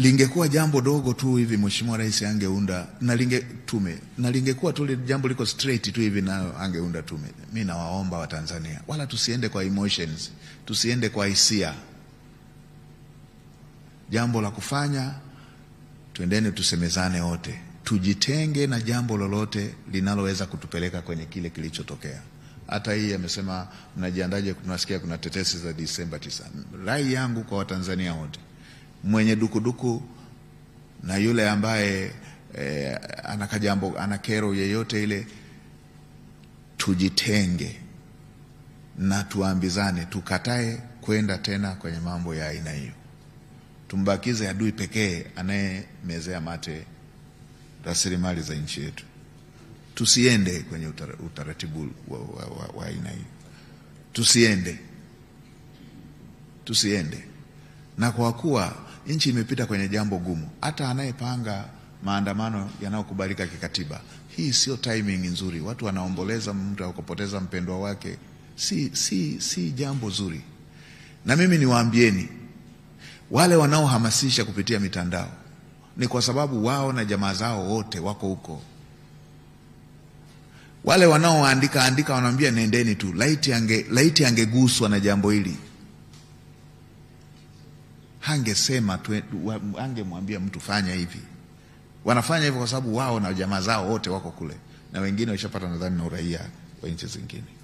lingekuwa jambo dogo tu hivi, mheshimiwa rais angeunda na linge tume na lingekuwa tu jambo liko straight tu hivi, nayo angeunda tume. Mimi nawaomba Watanzania, wala tusiende kwa emotions, tusiende kwa hisia. Jambo la kufanya, twendeni tusemezane wote, tujitenge na jambo lolote linaloweza kutupeleka kwenye kile kilichotokea. Hata hii amesema mnajiandaje? Tunasikia kuna tetesi za Disemba 9. Rai yangu kwa Watanzania wote mwenye dukuduku duku, na yule ambaye eh, ana kajambo ana kero yeyote ile, tujitenge na tuambizane, tukatae kwenda tena kwenye mambo ya aina hiyo. Tumbakize adui pekee anayemezea mate rasilimali za nchi yetu. Tusiende kwenye utaratibu wa aina hiyo, tusiende tusiende. Na kwa kuwa nchi imepita kwenye jambo gumu. Hata anayepanga maandamano yanayokubalika kikatiba, hii sio timing nzuri. Watu wanaomboleza mtu akupoteza mpendwa wake, si, si, si jambo zuri. Na mimi niwaambieni wale wanaohamasisha kupitia mitandao ni kwa sababu wao na jamaa zao wote wako huko. Wale wanaoandika andika wanaambia nendeni tu, laiti ange, laiti angeguswa na jambo hili hangesema angemwambia mtu fanya hivi. Wanafanya hivyo kwa sababu wao na jamaa zao wote wako kule, na wengine waishapata nadhani na uraia wa nchi zingine.